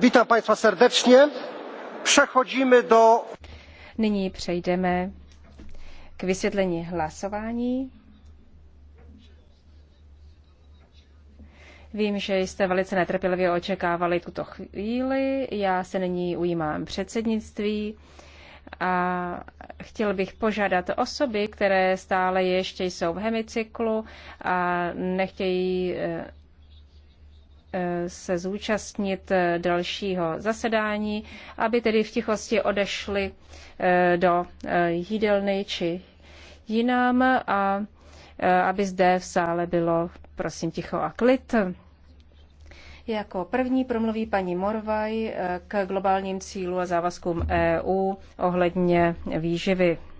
Vítám Państwa serdecznie. przechodzimy do... Nyní přejdeme k vysvětlení hlasování. Vím, že jste velice netrpělivě očekávali tuto chvíli. Já se nyní ujímám předsednictví a chtěl bych požádat osoby, které stále ještě jsou v hemicyklu a nechtějí eh, se zúčastnit eh, dalšího zasedání, aby tedy v tichosti odešli eh, do eh, jídelny či jinam a aby zde v sále bylo, prosím, ticho a klid. Jako první promluví paní Morvaj k globálním cílu a závazkům EU ohledně výživy.